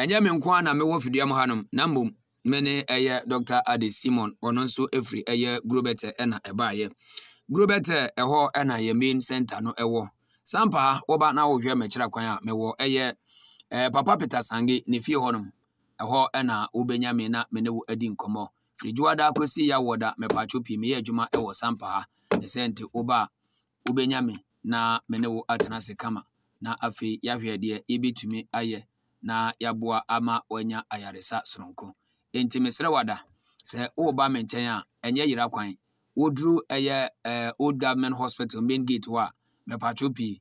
ɛnyɛ me nko na mewɔ fiduam hanom na mmom mene ne ɛyɛ dr ade simon ɔno nso ɛfiri ɛyɛ grobɛtɛ ɛna ɛbaayɛ grobɛtɛ ɛhɔ ɛna yɛ main center no ɛwɔ sampa ha wɔba na wohwɛ mɛkyerɛ kwan a mewɔ ɛyɛ ɛɛ papa peter sange ne fie hɔnom ɛhɔ ɛna wobɛnya me na me ne wo adi nkɔmmɔ firijuada akɔsi ya wɔda mɛpatwo pii meyɛ adwuma ɛwɔ sampa ha ɛsɛ nti woba a wobɛnya me na me ne wo atena ase kama na afei yɛahwɛ deɛ yɛbɛtumi ayɛ na yɛaboa ama wanya ayaresa soronko enti mesrɛ wada sɛ wowɔba me nkyɛn a ɛnyɛ yera kwan woduru ɛyɛ uh, old government hospital main gate hɔ a mepatwo pii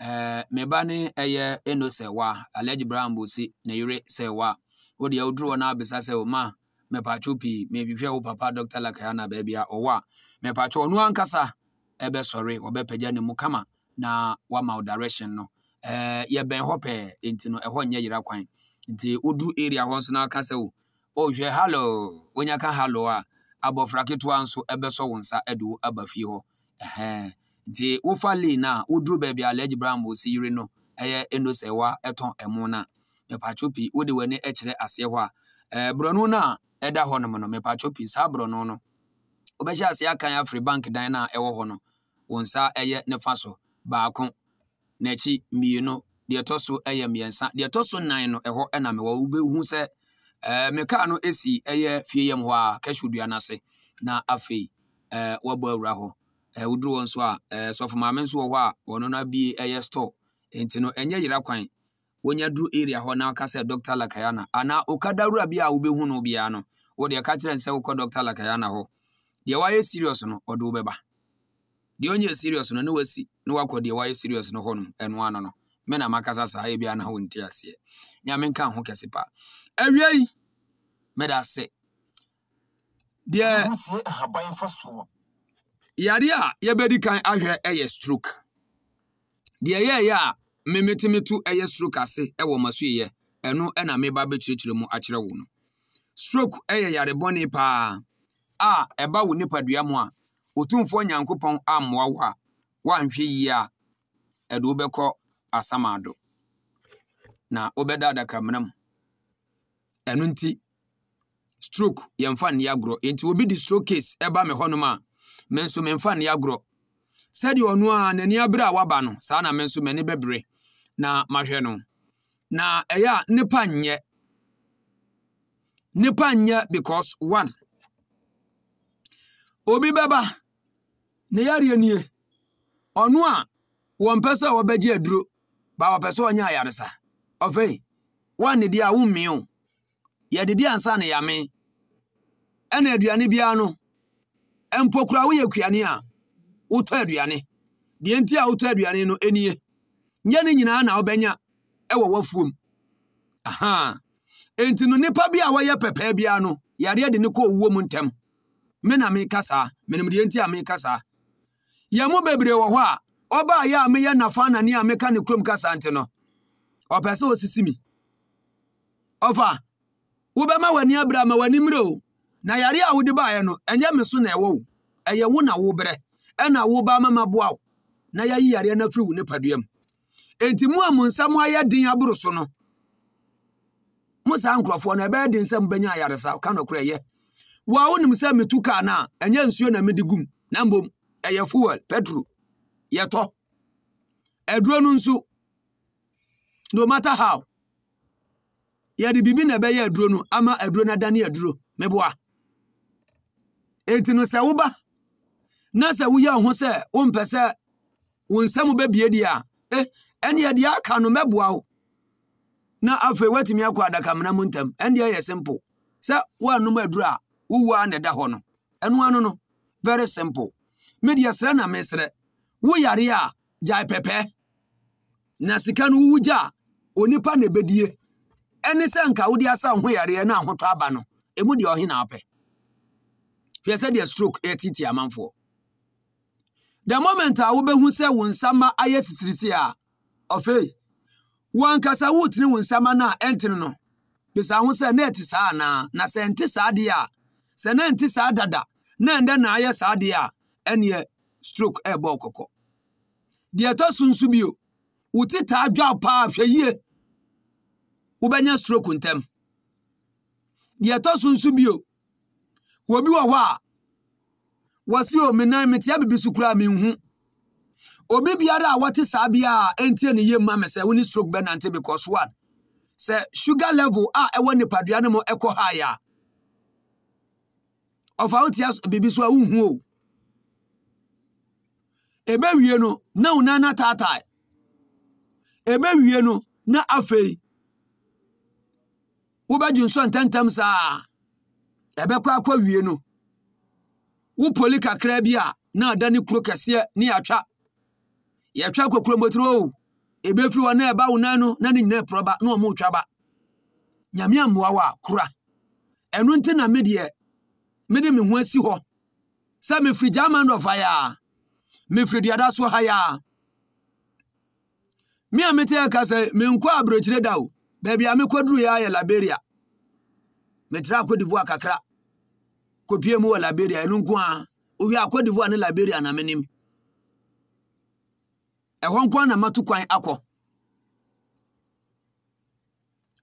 uh, eh, meba ne ɛyɛ ɛno sɛ wa alege brown bosi na yere sɛ wa wodeɛ woduru hɔ na abisa sɛ wo ma mepatwo pii mehwehwɛ wo papa dr lakaya na baabi a ɔwɔ a mepatwo ɔno ankasa ɛbɛsɔre ɔbɛpagya ne mu kama na wama wo direction no Eh, yɛ bɛn hɔ pɛɛ nti no ɛhɔ nyɛ yera kwan nti wodu area hɔ nso na aka sɛ o ɔhwɛ halo wonya ka halo a abɔfra ketewa nso ɛbɛsɔ wo nsa de wo aba fie hɔ nti wofa lane na woduru baabi a lɛgye bram wɔ si yiri no ɛyɛ enosɛwa ɛtɔn ɛmo na mepatwo pii wode w'ani ɛkyerɛ aseɛ hɔ a ɛɛ eh, borɔno na ɛda hɔ nom no mepatwo pii saa borɔno no wobɛhyɛ aseɛ akan afiri bank dan na ɛwɔ hɔ no wɔn nsa ɛyɛ nifa so baako n'akyi mmienu deɛ ɛtɔ so yɛ mmiɛnsa deɛ nan no ɛhɔ na mewɔ wobɛhu sɛ ɛɛ me kaa no si ɛyɛ fie yam hɔ a kɛhyew dua no na afei ɛɛ wɔabɔ awura hɔ ɛɛ woduru hɔ nso a ɛɛ sɔfo maame nso wɔ hɔ a wɔn no abie ɛyɛ store nti no ɛnyɛ yira kwan wɔnya duru area hɔ na aka sɛ doctor lakayana ana okadawura bi a wobɛhu no biara no wɔde ɛka kyerɛ nsɛ wokɔ dɔkta lakayana hɔ deɛ wayɛ serious no ɔde wobɛba deɛ ɔnyɛ serious no ne wasi ne wakɔ deɛ wayɛ serious no hɔnom ɛno ano no me na makasa saa ebi ana hɔ nti aseɛ nyame nka ho kɛse paa awia yi mɛda sɛ deɛ yare a yɛbɛdi kan ahwɛ ɛyɛ stroke deɛ yɛɛyɛ a memeteme to ɛyɛ stroke ase ɛwɔ masueyɛ ɛno ɛna meba bɛkyerɛkyerɛ mu akyerɛ wo no stroke ɛyɛ yarebɔne paa a ɛba wo nipadua mu a otumfoɔ nyankopɔn ammoa wo a woanhwɛ yie a ɛde wobɛkɔ asamado na wobɛda adakamena mu ɛno nti stroke yɛmfa nne agorɔ nti obi de stroke case ɛba me hɔnom a me nso memfa nne agorɔ sɛdeɛ ɔno a n'ani abere a waba no saa na me nso m'ani bɛbere na mahwɛ no na ɛyɛ a nnipa nyɛ nnipa nyɛ because one obi bɛba ne yareɛ nie ɔno a wɔmpɛ sɛ wɔbɛgye aduro ba wɔpɛ sɛ ɔnyɛ ayaresa ɔfei woanne deɛ a wommee o yɛdedi ansa ne yame ɛna aduane biara no mpo koraa woyɛ kuane a wotɔ aduane deɛ nti a wotɔ aduane no nie nyɛ ne nyinaa na wobɛnya ɛwɔ wafuom aha enti no nnipa bi a wɔyɛ pɛpɛɛ biara no yareɛ de ne kɔ owuo mu ntɛm me na meka saa menim nti a meka saa yɛn mu bebree wɔ hɔ a ɔbaa yɛ a meyɛ nafa nani a meka ne kurom kasa nti no ɔpɛ sɛ osisi mi ɔfa wobɛma w'ani abere ama w'ani mmerɛ o na yare a wode baeɛ no ɛnyɛ me so na ɛwɔ o ɛyɛ wo na wobrɛ ɛna woba mama boa wo na yɛayi yareɛ no afiri wo nipadua mu enti mu a mo nsɛm ayɛ den aboro so no mo saa nkurɔfoɔ no ɛbɛyɛ den sɛ mobɛnya ayaresa ka nɔkorɛ ɛyɛ wo a wonim sɛ metu kaa no a ɛnyɛ nsuo na mede gum na mmom ɛyɛ fuel petro yɛtɔ aduro no nso no matter how yɛde biribi na ɛbɛyɛ aduro no ama aduro no adane aduro meboa enti no sɛ woba na sɛ woyɛ wo ho sɛ wompɛ sɛ wo nsɛm bɛbie deɛ a eh, ɛneɛ deɛ aka no mɛboa wo na afei woatumi akɔ adakamena mu ntam ɛndeɛ yɛ simple sɛ woanom aduro a wowu a na ɛda hɔ no ɛno ano no very simple Media serɛ na meserɛ wo yare a gyae pɛpɛ na sika no wowu gya a onipa na ɛbɛdie ɛne sɛ nka wode asa ho yareɛ no ahotɔ aba no ɛmu deɛ ɔhe na apɛ hwɛ sɛdeɛ stroke ɛtete amanfoɔ the moment a wobɛhu sɛ wo nsama ayɛ sisirisi a ɔfei wankasa wotene wo nsama no a ɛntene no bisa ho sɛ na ɛte saa anaa na sɛ ɛnte saa deɛ a sɛ na ɛnte saa dada na ɛndɛ na ayɛ saa deɛ a ɛneɛ stroke ɛbɔ kɔkɔ deɛ ɛtɔ so nso bio wo titaa dwa paa hwɛ yie wobɛnya stroke ntɛm deɛ ɛtɔ so nso bio wɔbi wɔ hɔ a wɔsi o oh, menan metia bibi so koraa menhu obi biara a wɔte saa bia a ɛntie ne yie ma me sɛ wo ne stroke bɛnante because one sɛ sugar level a ɛwɔ nipadua no mu ɛkɔ high a ɔfa wotia bibi so a wonhu o ɛbɛwie no na wo nan nataatae ɛbɛwie no na afei wobɛgye nsɔ ntɛntɛm saa ɛbɛkɔ akɔ wie no wo poli kakra bi a na ada ne kuro kɛseɛ ne yɛatwa yɛtwa kokuromoturo o ɛbɛfiri hɔ na ɛba wo nan no na ne nyina ɛporɔba na ɔmo retwa ba nyame ammoa wo a kora ɛno nti na medeɛ mede me ho asi hɔ sɛ mefiri gyamanɔfaeɛ a mefiri duada so ha ya me a mete ɛka sɛ menkɔ aburokyire da o baabi a mekɔduru yɛ ayɛ liberia metera akɔdivoa kakra kɔpie mu wɔ liberia ɛno nko a owie akɔdivoa ne liberia na menim ɛhɔ nko na mato kwan akɔ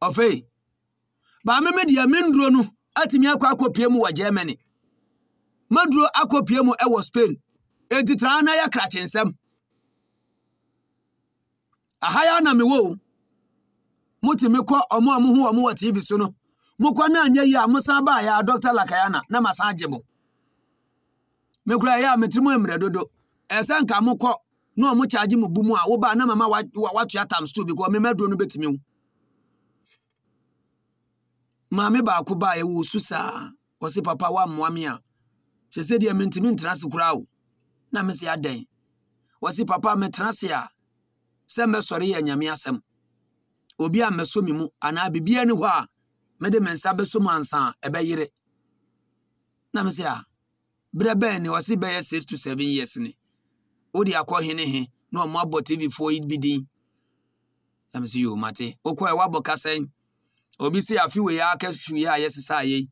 ɔfei baa meme deɛ menduro no atumi akɔ akɔpie mu wɔ germany maduro akɔpie mu ɛwɔ spain enti traa na yɛ krakye nsɛm aha ya na mewɔ motumi kɔ ɔmo a mohu ɔmo wɔ tv so no mokɔ na anyɛ ya a mosan baa yɛ lakayana na masan agye mo mekura ya metrimu metiri mu mmerɛ dodo ɛsɛ nka mokɔ na ɔmo kyaagye mo bu mu a wobaa na mama watoa tam stool bi kɔ memɛduro no bɛtumi wo maame baako baa yɛwɔ su saa ɔse papa woammoa me a sɛ sɛ deɛ mentumi ntena se na mesi adɛn wasi papa metena se a sɛ mɛsɔre yɛ nyame asɛm obi a mɛso me mu anaa biribiara ni hɔ a mede me nsa bɛso mu ansa a ɛbɛyere na mesi a berɛ bɛn ne wɔsi bɛyɛ six to seven years ni wode akɔ hene he na ɔmo abɔ tv foɔ yi bi din na mesi yoo mate okɔ ɛwɔ abɔ kasɛn obi si afi wei akɛsu yi a yɛsesa yɛ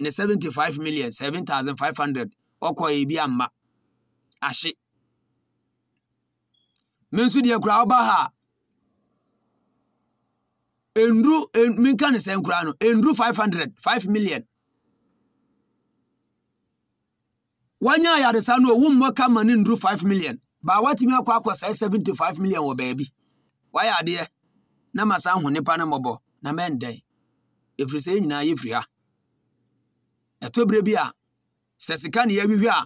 ne seventy five million seven thousand five hundred. ɔkɔeɛ bi amma ahye me nso deɛ koraa woba ha a nduru menka ne sɛ nkoraa no five hundred, five million wanya ayaresa no owu mmɔ kama ne nduru five million Baawa baa watumi akɔ akɔ sɛ five million wɔ baabi wayɛ adeɛ na ma saa ho nipa no mmɔbɔ na mɛndɛn ɛfiri sɛ yɛ nyinaa yɛfiri ha ɛtɔ berɛ bi a sɛ sika na yɛhwehwɛ a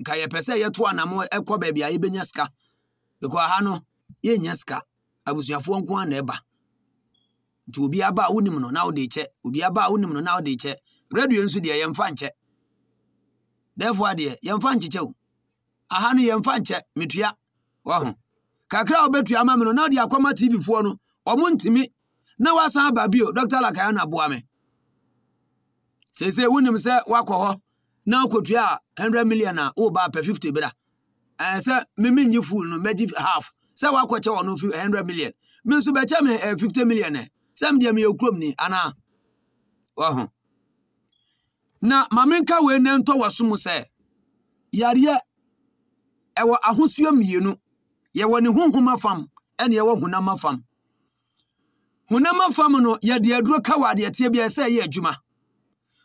nka yɛpɛ sɛ yɛto anam ɛkɔ baabi a yɛbɛnya sika because ha no yɛnya sika abusuafoɔ nko a na ɛba nti obi aba a no na wode kyɛ obi aba a wonim no na wode kyɛ radio nso deɛ yɛmfa nkyɛ therefore deɛ yɛmfa nkyekyɛ o aha no yɛmfa nkyɛ metua waho kakra a wobɛtua me no na wode akɔma tv foɔ no ɔmo ntimi na wasan aba bio dr lakaya no aboa me seesei wonim sɛ woakɔ hɔ na akɔtua a hundred million a ba pe fifty bra ɛɛ sɛ mimi nyi full no mɛgye half sɛ wakɔkyɛ ɔno fi hundred million mi nso bɛkyɛ mi ɛɛ fifty million ɛ sɛ mi deɛ mi yɛ kurom ni anaa wɔho na maame nka wei na ntɔ wɔ so mu sɛ yareɛ ɛwɔ ahosuo mmienu yɛwɔ ne honhom afam ɛna yɛwɔ honam afam honam afam no yɛde aduro ka wɔ adeɛ teɛ bi a ɛsɛ adwuma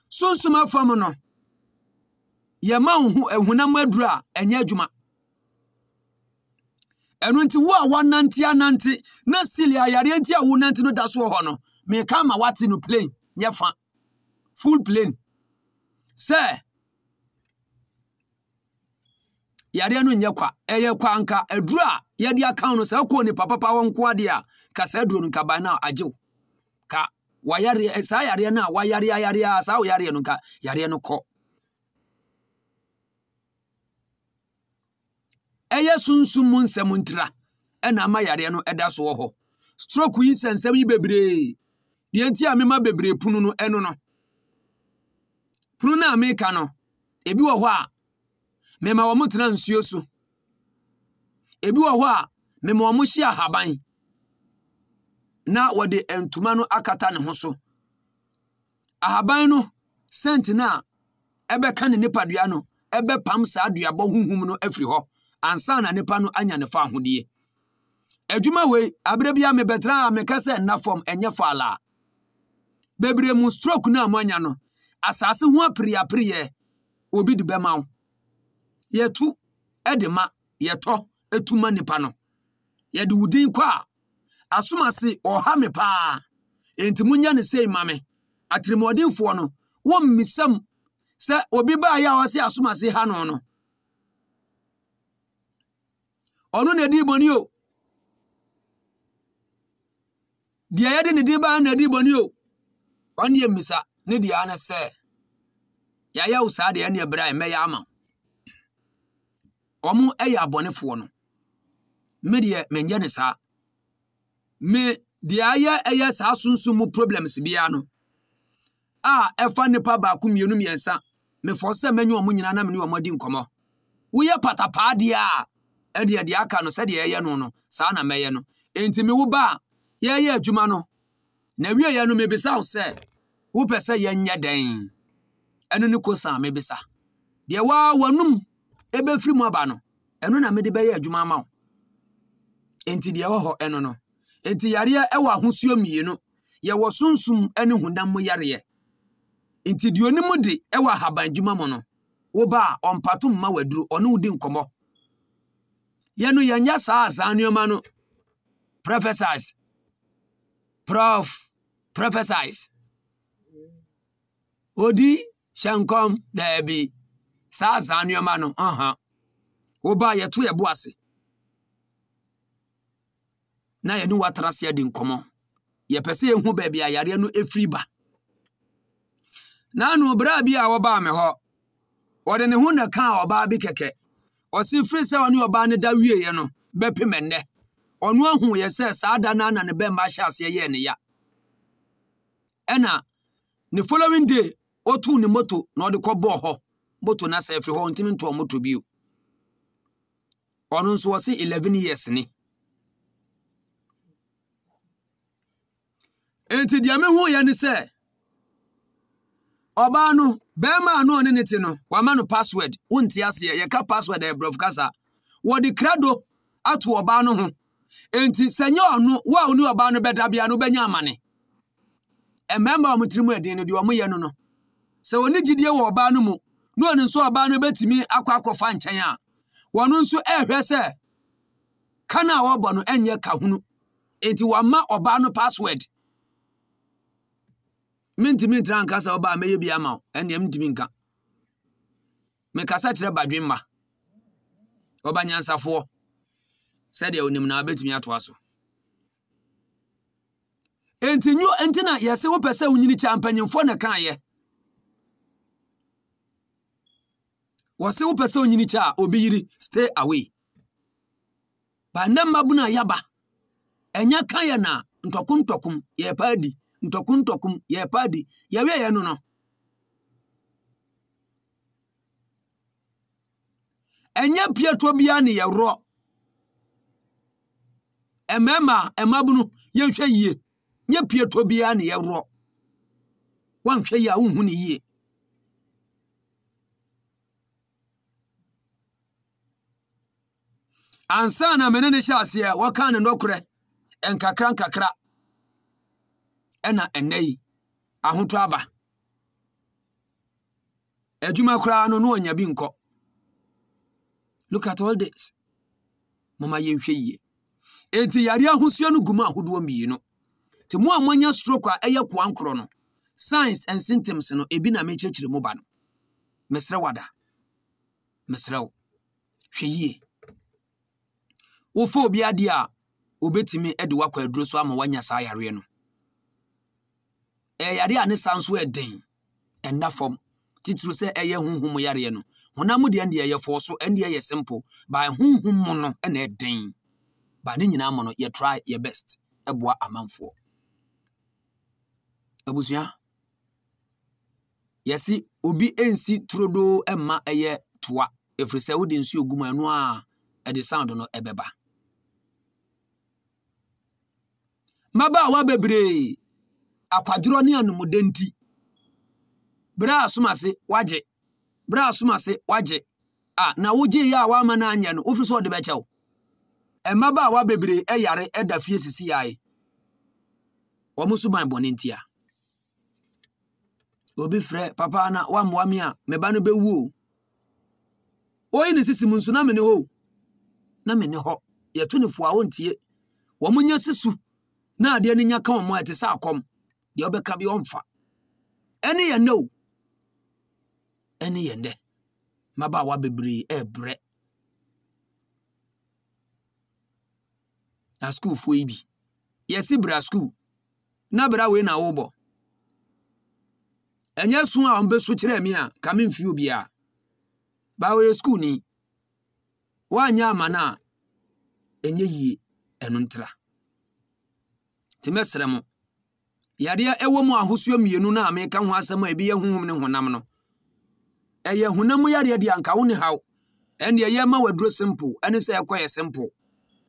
sunsum afam no yɛma ehunam aduru a ɛnyɛ adwuma ɛno nti wo a wɔnante anante na silia ayareɛ nti a wonante no da so hɔ no meka ma wate no plane nyɛ fa full plane sɛ yareɛ no nyɛ kwa ɛyɛ kwa anka aduru a yɛde aka no sɛ wokɔɔ nipa papa wɔ nko adeɛ a ka saa aduro no nka ban no agyew ka wayareɛ saa yareɛ no a wayareɛ eh, ayareɛ a saa wo yareɛ no nka yareɛ no kɔ ɛyɛ sunsun mu nsɛm ntira ɛna ama yareɛ no ɛda so wɔ hɔ stroke yi nsɛnsɛm yi bebree deɛ nti a mema bebree punu no ɛno no punu no a meka no ebi wɔ hɔ a mema wɔn tena nsuo so ebi wɔ hɔ a mema wɔn hyɛ ahaban na wɔde ntoma no akata ne ho so ahaban no sɛnt no a ɛbɛka ne nipadua no ɛbɛpam saa aduabɔ huhum no afiri hɔ ansa na nipa no anya ne fa ahodeɛ adwuma wei abere bi a mebɛtena a meka sɛ nna fam ɛnyɛ faala bebree mu stroke na a moanya no asase ho apereapereɛ obi de bɛma wo yɛtu de ma yɛtɔ tu ma nipa no yɛde wo din kɔ a asomase ɔha me paa enti monya ne sei ma me no no wɔmmisam sɛ obi baa yɛ a ɔse asomase ha no ɔno na ɛdi bɔne o deɛ yɛde ne din baa na ɛdi bɔne o ɔne yɛ mmisa ne deɛ ano sɛ yɛayɛ wo saa deɛ ɛne ɛbrɛ a mɛyɛ ama ɔmo ɛyɛ abɔnefoɔ no me deɛ menyɛ ne saa me deɛ ayɛ ɛyɛ saa sunsun mu problems biara no a ɛfa nipa baako mmienu mmiɛnsa mefɔ sɛ mɛnyɛ wɔn nyinaa na mene wɔn adi nkɔmɔ woyɛ patapaadeɛ a ɛdeɛ deɛ aka no sɛdeɛ ɛyɛ no no saa na mɛyɛ no enti mewo ba a yɛyɛ adwuma no na wieɛ no mebisa wo sɛ wopɛ sɛ yɛnyɛ dɛn ɛno ne kosa mebisa deɛ waa w'anum ɛbɛfiri mu aba no ɛno na mede bɛyɛ adwuma ama wo enti deɛ ɛwɔ hɔ ɛno no enti yareɛ ɛwɔ ahosuo mmienu yɛwɔ sunsum ne honam mu yareɛ nti deɛ onim de ɛwɔ ahaban dwuma mu no wo ba a ɔmpato mma waduro ɔne wo nkɔmmɔ yɛn no yɛnyɛ saa saa nneɛma no prophesize prof prophesize odi hyɛ nkɔm daabi saa saa nneɛma no ɔha woba yɛto yɛ bo ase na yɛne watara se adi nkɔmmɔ yɛpɛ sɛ yɛhu baabi a yareɛ no ɛfiri ba na ano berɛ bi a wɔbaa me hɔ wɔde ne ho na kaa ɔbaa bi kɛkɛ ɔsi firi sɛ ɔne ɔbaa ne da wieɛ no bɛpem ɛnnɛ ɔno ahu yɛ sɛ saa da no ana ne bɛmba hyɛ aseɛ yɛɛ ne ya ɛna ne following day ɔtuu ne moto na ɔde kɔbɔɔ hɔ moto no asɛ firi hɔ ntimi ntoɔ moto bio ɔno nso ɔse 11 years ni enti deɛ mehu yɛ ne sɛ ọbaa no bɛrima no ɔne ne te no wama no password wonte aseɛ yɛka password a ɛbrɔfo kasa wɔde krado ato ɔbaa no ho enti sɛ nyɛ ɔno wo a wone ɔbaa no bɛda bia no wobɛnya amane mmarima a ɔmotiri mu adin no deɛ ɔmoyɛ no no sɛ wɔne gyidie wɔ ɔbaa no mu na ɔne nso ɔbaa no bɛtumi akɔ akɔfa nkyɛn a wɔno nso ɛrehwɛ sɛ ka no a wɔbɔ no ɛnyɛ ka hunu w'ama wɔama ɔbaa no password mentimi ntira nka sɛ wobaa mɛyɛ bi ama wo ɛneɛ mentimi nka kasa kyerɛ badwemma ɔba nyansafoɔ sɛdeɛ onim na wabɛtumi atoa so enti nwo enti na yɛse wopɛ sɛ wonyini kyɛ mpanyimfoɔ ne kaayɛ wɔse wopɛ sɛ onyini kyɛ a obi yiri stay away ba nnɛ mmabu no yaba. yɛaba ɛnyɛ kaayɛ na ntɔkom ntɔkom yɛpa adi ntɔkum ntɔkum yɛpa adi yɛwie yɛ no no ɛnyɛ piatoɔ biara ne yɛworɔ mmarima mmabunu yɛnhwɛ yie nyɛ piatoɔ biara ne yɛworɔ woanhwɛ yie a ne yie ansa na mene ne hyɛ aseɛ wɔka ne nnɔkorɛ nkakra nkakra ɛna ɛnɛ yi ahoto aba adwuma koraa no na ɔnya bi nkɔ look at all this mama yɛnhwɛ yie enti yare ahosuo no gu mu ahodoɔ mmii no nti mo a moanya stroke a ɛyɛ koa no Science and symptoms no ebi na mekyerɛkyerɛ mu ba no mesrɛ wada mesrɛ wo hwɛ yie wofa obi adeɛ a wobɛtumi de woakɔ aduro so ama woanya saa yareɛ no ɛyare a ne sa nso ɛden ɛnna fam titiri sɛ ɛyɛ huhum yareɛ no honam deɛ deɛ ɛyɛ fɔɔ so ɛne ɛyɛ simple ba huhum mu no ɛna ɛden ba ne nyinaa mu no yɛ try yɛ best ɛboa amanfoɔ abusua yɛsi obi nsi turodoo ɛma ɛyɛ toa ɛfiri sɛ wode nsuo gu mu ɛno a ɛde sound no ɛbɛba mmabaawa bebree akwadorɔ ne anomude nti berɛ a wagye a wagye a na wogye yi a woama no anyɛ no wofiri sɛ ɔde bɛkyɛ wo mmabaawa bebree yare da fie sisi yae wɔn ban bɔne obi frɛ papa na wammoa me a meba no bɛwu o oyi ne sisi mu nso na mene hɔ na mene hɔ yɛto ne wɔn nyɛ sisu na adeɛ no nya ka wɔn a ɛte sɛ akɔm deɛ wobɛka bi ɔmfa ɛne yɛn no ɛne yɛn dɛ mmabaawa bebree ɛɛbrɛ na yi bi yɛsi bra sukuu na bra wei na wobɔ ɛnyɛ so a ɔmbɛso kyerɛ me a ka memfie obiaa baa wɔyɛ sukuuni woanyɛ ama no a ɛnyɛ yie ɛno ntra nti mɛsrɛ mo yadeɛ ɛwɔ mu ahosuo mmienu no a meka ho asɛm a ebi yɛ honhom ne honam no ɛyɛ honam yadeɛ deɛ anka wo ne haw ɛne ɛyɛ ma waduro simple ɛne sɛ ɛkɔ yɛ simple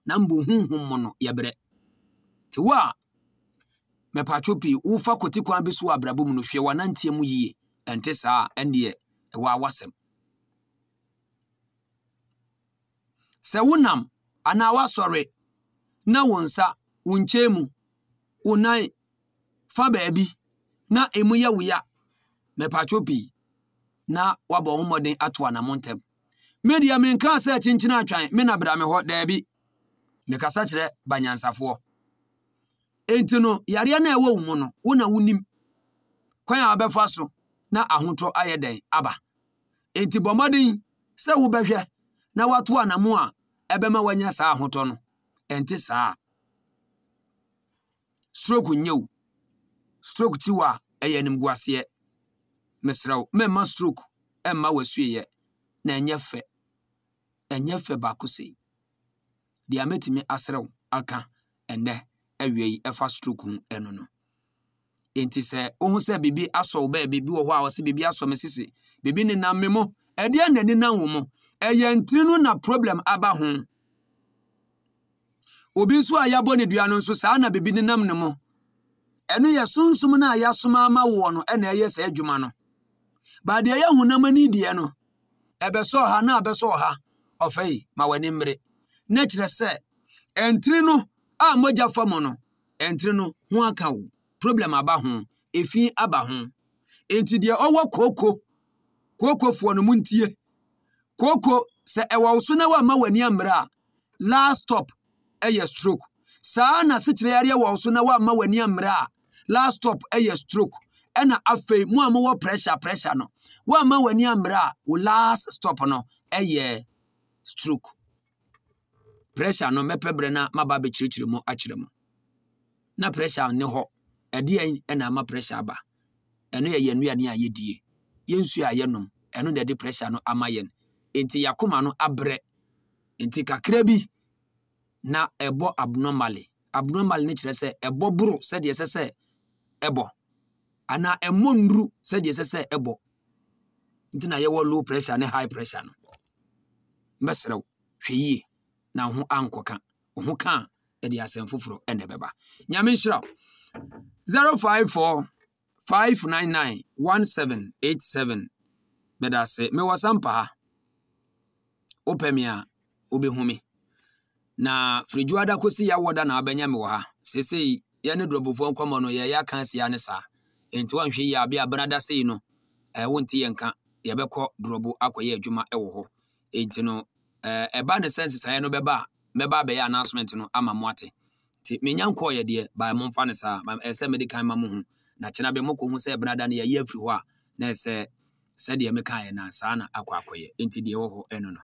na mbɔ honhom mu no yɛbrɛ nti wo a mɛpatwo pii wofa kɔti kwan bi so wɔ abrabɔ mu no hwɛ w'ananteɛ mu yie ɛnte saa ɛneɛ ɛwɔ awasɛm sɛ wonam anaa woasɔre na wo nsa wo nkyɛn mu wo nan fa baabi na emu yɛ wuya mɛpatwo pii na wabɔ ho mmɔden ato anamo ntɛm media menkaa sɛ kyenkyene atwan me na brame hɔ daabi mekasa kyerɛ banyansafoɔ enti no yareɛ no ɛwɔ wo mu no wo na wonim kwan a wabɛfa so na ahotɔ ayɛ dɛn aba enti bɔ mmɔden sɛ wobɛhwɛ na wato anamo a ɛbɛma wanya saa ahotɔ no ɛnte saa stroke nyɛ stroke ti wɔ a ɛyɛ animguaseɛ mesrɛ wo memma stroke ɛmma wasueyɛ na ɛnyɛ fɛ ɛnyɛ fɛ baako sei deɛ mɛtumi asrɛ wo aka ɛnɛ awie yi ɛfa stroke ho ɛno no enti sɛ wohu sɛ biribi asɔ wo bɛɛ biribi wɔ hɔ a ɔsɛ biribi asɔ me sisi biribi nenam me mu ɛdeɛ na ani nam wo ɛyɛ ntiri na problem aba ho obi nso a yɛabɔ ne dua no nso saa na biribi nenam ne mu ɛno yɛ sunsun no a yɛasoma ama wɔ no ɛna ɛyɛ saa adwuma no baadeɛ yɛ honam ani deɛ no ɛbɛsɔ ɔha na abɛsɔ ɔha ɔfɛ yi ma w'ani mmere na kyerɛ sɛ ɛntiri no a mogya fa mu no ɛntiri no ho aka wo problem aba ho efi aba ho nti deɛ ɔwɔ kooko kookofoɔ no mu ntie kooko sɛ ɛwɔ so na wama w'ani ammerɛ a last stop ɛyɛ stroke saa na sekyerɛ yareɛ wɔ so na wama w'ani ammerɛ a last stop ɛyɛ stroke ɛna afei mu a mowɔ pressure pressure no woamma w'ani ammerɛ a wo last stop no ɛyɛ stroke pressure no mɛpɛ berɛ no maba bɛkyerɛkyerɛ mu akyerɛ mu na pressure ne hɔ ɛdeɛ ɛna ama pressure aba ɛno yɛ yɛn nnuane a yɛdie yɛnsu a yɛnom ɛno na ɛde pressure no ama yɛn nti yɛakoma no abrɛ nti kakra bi na ɛbɔ abnormally abnormal ne kyerɛ sɛ ɛbɔ boro sɛdeɛ ɛsɛ sɛ ɛbɔ anaa ɛmmɔ nnuru sɛdeɛ ɛsɛ sɛ ɛbɔ nti na yɛwɔ low pressure ne high pressure no hwɛ yie na wo ho ankɔka ho ka a ɛde asɛm foforɔ ɛna ɛbɛba nyame nhyira 054 599 1787 meda ase mewɔ ha wopɛ me a wobɛhu na firidwuada kɔsi na wabɛnya me wɔ ha seesei yɛne dɔbɔfoɔ nkɔmɔ no yɛyɛ aka asia ne saa nti wanhwɛ yi abia abenada sei no ɛwo nti yɛnka yɛbɛkɔ dɔbɔ akɔyɛ adwuma ɛwɔ hɔ nti no ɛba ne sɛnsi saa no bɛba a mɛba abɛyɛ announcement no ama mo ate nti menya nkɔɔ yɛ deɛ ba mo mfa ne saa ɛsɛ mede kan ma mo ho na kyena bɛ mokɔ hu sɛ abenada no yɛyɛ afiri hɔ a na ɛsɛ sɛdeɛ mekaeɛ no saa na akɔ akɔyɛ nti deɛ ɛwɔ hɔ ɛno no